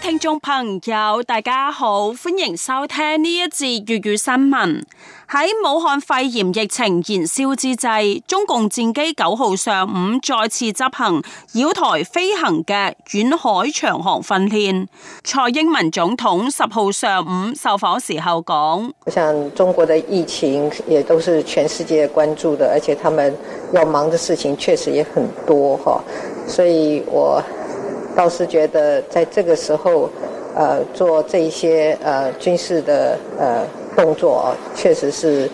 聽眾朋友，大家好，歡迎收聽呢一節粵語新聞。喺武漢肺炎疫情燃燒之際，中共戰機九號上午再次執行繞台飛行嘅遠海長航訓練。蔡英文總統十號上午受訪時候講：我想中國的疫情也都是全世界關注的，而且他們要忙的事情確實也很多，所以我，倒是覺得在這個時候，呃，做這一些呃軍事的呃動作確實是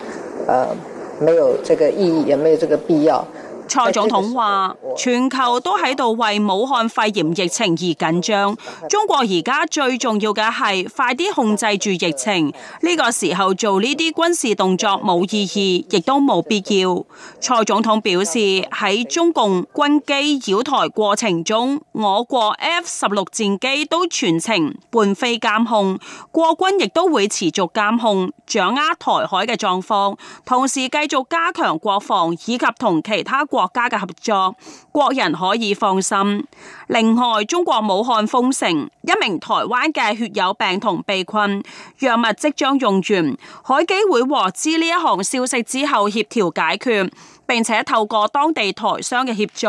呃沒有這個意義，也沒有這個必要。蔡總統話：全球都喺度為武漢肺炎疫情而緊張，中國而家最重要嘅係快啲控制住疫情。呢個時候做呢啲軍事動作冇意義，亦都冇必要。蔡總統表示喺中共軍機繞台過程中，我國 F 十六戰機都全程伴飛監控，國軍亦都會持續監控，掌握台海嘅狀況，同時繼續加強國防以及同其他國家嘅合作，國人可以放心。另外，中國武漢封城，一名台灣嘅血友病童被困，藥物即將用完。海基會獲知呢一行消息之後，協調解決，並且透過當地台商嘅協助，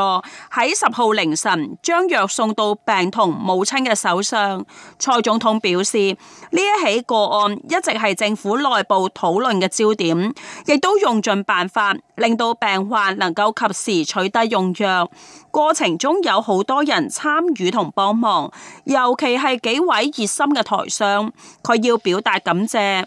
喺十號凌晨將藥送到病童母親嘅手上。蔡總統表示，呢一起個案一直係政府內部討論嘅焦點，亦都用盡辦法，令到病患能夠及時取得用藥。過程中有好多人參與同幫忙，尤其係幾位熱心嘅台商，佢要表達感謝。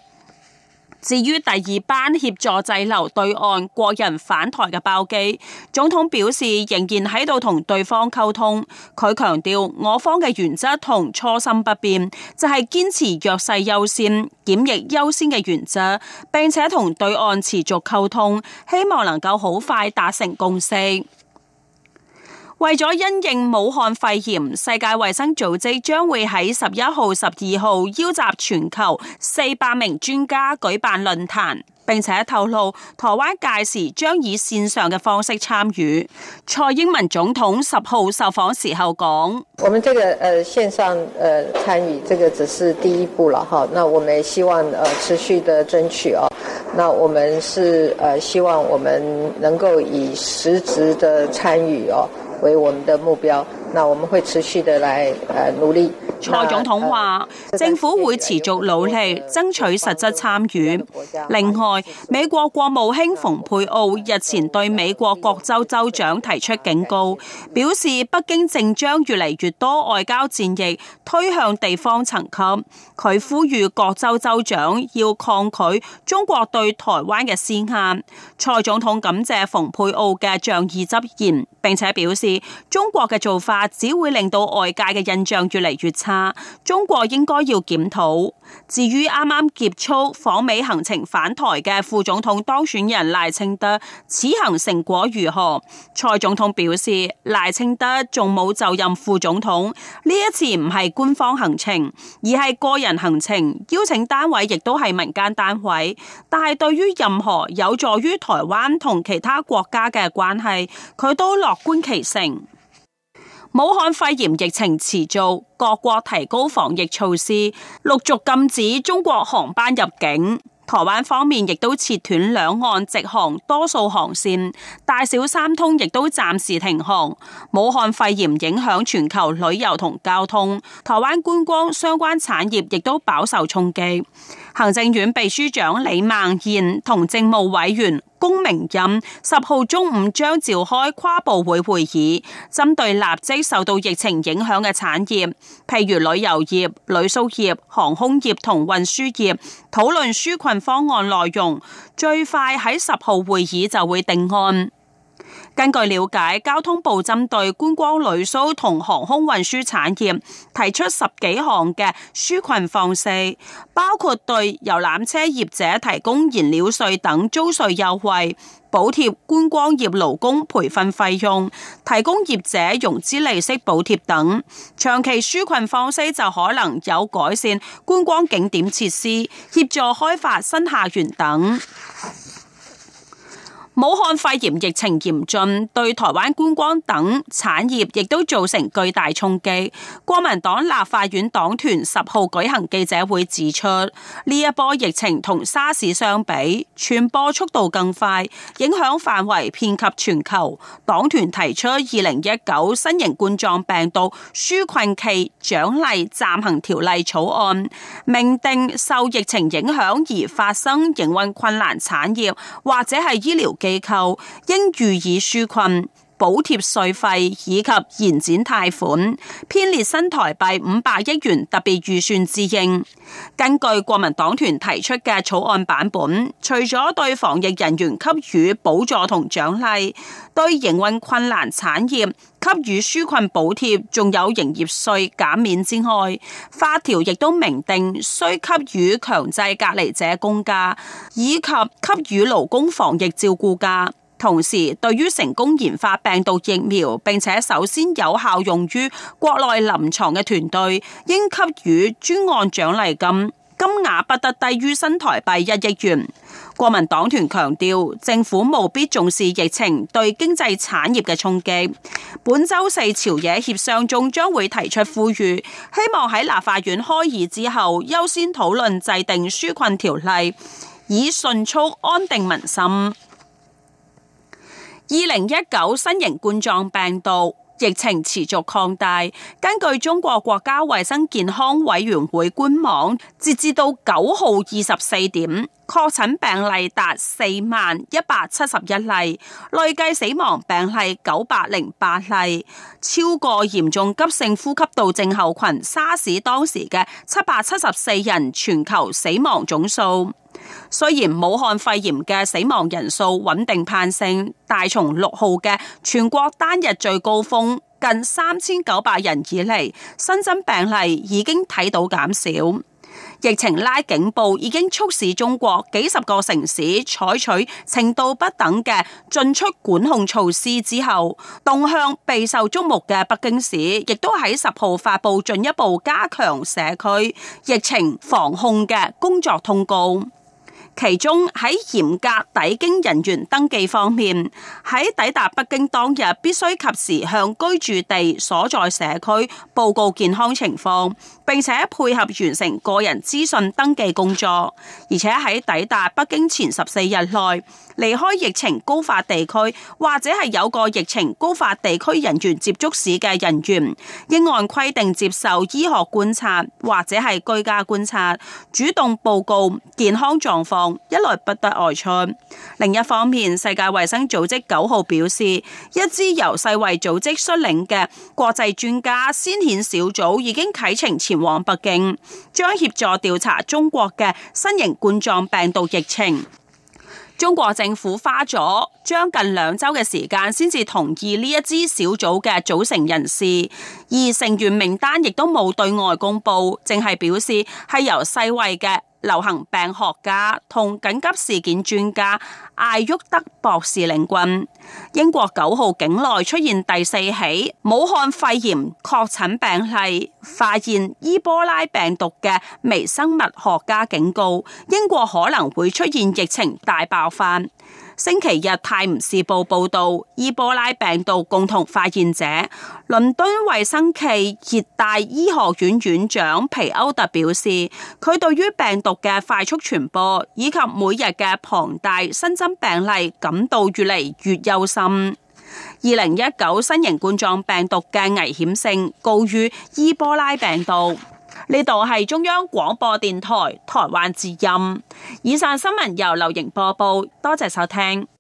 至於第二班協助滯留對岸國人返台嘅包機，總統表示仍然喺度同對方溝通。佢強調，我方嘅原則同初心不變，就係堅持弱勢優先、檢疫優先嘅原則，並且同對岸持續溝通，希望能夠好快達成共識。為咗因應武漢肺炎，世界衛生組織將會喺十一號、十二號邀集全球四百名專家舉辦論壇。並且透露，台灣屆時將以線上嘅方式參與。蔡英文總統十號受訪時候講，我們這個誒線上誒參與，這個只是第一步了哈，那我們希望誒持續的爭取哦。那我們是誒希望我們能夠以實質的參與哦為我們的目標，那我們會持續的來誒努力。蔡總統話：政府會持續努力爭取實質參與。另外，美國國務卿蓬佩奧日前對美國各州州長提出警告，表示北京正將越嚟越多外交戰役推向地方層級。佢呼籲各州州長要抗拒中國對台灣嘅施壓。蔡總統感謝蓬佩奧嘅仗義執言，並且表示中國嘅做法只會令到外界嘅印象越嚟越差。中國應該要檢討。至於啱啱結束訪美行程返台嘅副總統當選人賴清德，此行成果如何？蔡總統表示，賴清德仲冇就任副總統，呢一次唔係官方行程，而係個人行程，邀請單位亦都係民間單位。但係對於任何有助於台灣同其他國家嘅關係，佢都樂觀其成。武漢肺炎疫情持續，各國提高防疫措施，陸續禁止中國航班入境。台灣方面亦都切斷兩岸直航，多數航線大小三通亦都暫時停航。武漢肺炎影響全球旅遊同交通，台灣觀光相關產業亦都飽受衝擊。行政院秘書長李孟賢同政務委員龔明任十號中午將召開跨部會會議，針對立即受到疫情影響嘅產業，譬如旅遊業、旅宿業、航空業同運輸業，討論紓困方案內容，最快喺十號會議就會定案。根據了解，交通部針對觀光旅宿同航空運輸產業提出十幾項嘅紓困方案，包括對遊覽車業者提供燃料稅等租稅優惠、補貼觀光業勞工培訓費、費用、提供業者融資利息補貼等。長期紓困方案就可能有改善觀光景點設施、協助開發新客源等。武漢肺炎疫情嚴峻，對台灣觀光等產業亦都造成巨大衝擊。國民黨立法院黨團十號舉行記者會，指出呢一波疫情同沙士相比，傳播速度更快，影響範圍遍及全球。黨團提出《二零一九新型冠狀病毒紓困期獎勵暫行條例草案》，明定受疫情影響而發生營運困難產業或者係醫療。地球應予以紓困。補貼稅費以及延展貸款，編列新台幣五百億元特別預算支應。根據國民黨團提出嘅草案版本，除咗對防疫人員給予補助同獎勵，對營運困難產業給予紓困補貼，仲有營業稅減免之外，法條亦都明定需給予強制隔離者公假，以及給予勞工防疫照顧假。同時，對於成功研發病毒疫苗並且首先有效用於國內臨床嘅團隊，應給予專案獎勵金，金額不得低於新台幣一億元。國民黨團強調，政府務必重視疫情對經濟產業嘅衝擊。本週四朝野協商中將會提出呼籲，希望喺立法院開議之後，優先討論制定紓困條例，以迅速安定民心。二零一九新型冠狀病毒疫情持續擴大，根據中國國家衛生健康委員會官網，截至到九號二十四點，確診病例達四萬一百七十一例，累計死亡病例九百零八例，超過嚴重急性呼吸道症候群沙士當時嘅七百七十四人全球死亡總數。雖然武漢肺炎嘅死亡人數穩定攀升，但從六號嘅全國單日最高峰近三千九百人以嚟，新增病例已經睇到減少。疫情拉警報已經促使中國幾十個城市採取程度不等嘅進出管控措施之後，動向備受矚目嘅北京市亦都喺十號發布進一步加強社區疫情防控嘅工作通告。其中喺嚴格抵京人員登記方面，喺抵達北京當日必須及時向居住地所在社區報告健康情況，並且配合完成個人資訊登記工作。而且喺抵達北京前十四日內離開疫情高發地區或者係有過疫情高發地區人員接觸史嘅人員應按規定接受醫學觀察或者係居家觀察，主動報告健康狀況。一來不得外出，另一方面，世界衛生組織九號表示，一支由世衛組織率領嘅國際專家先遣小組已經啟程前往北京，將協助調查中國嘅新型冠狀病毒疫情。中國政府花咗將近兩周嘅時間，先至同意呢一支小組嘅組成人士，而成員名單亦都冇對外公布，淨係表示係由世衛嘅。流行病學家同緊急事件專家艾沃德博士領軍。英國九號境內出現第四起武漢肺炎確診病例，發現伊波拉病毒嘅微生物學家警告，英國可能會出現疫情大爆發。星期日《泰晤士報》報道，伊波拉病毒共同發現者、倫敦衛生暨熱帶醫學院院長皮歐特表示，佢對於病毒嘅快速傳播以及每日嘅龐大新增病例感到越嚟越。憂心，二零一九新型冠狀病毒嘅危險性高於伊波拉病毒。呢度係中央廣播電台台灣之音。以上新聞由流瑩播報，多謝收聽。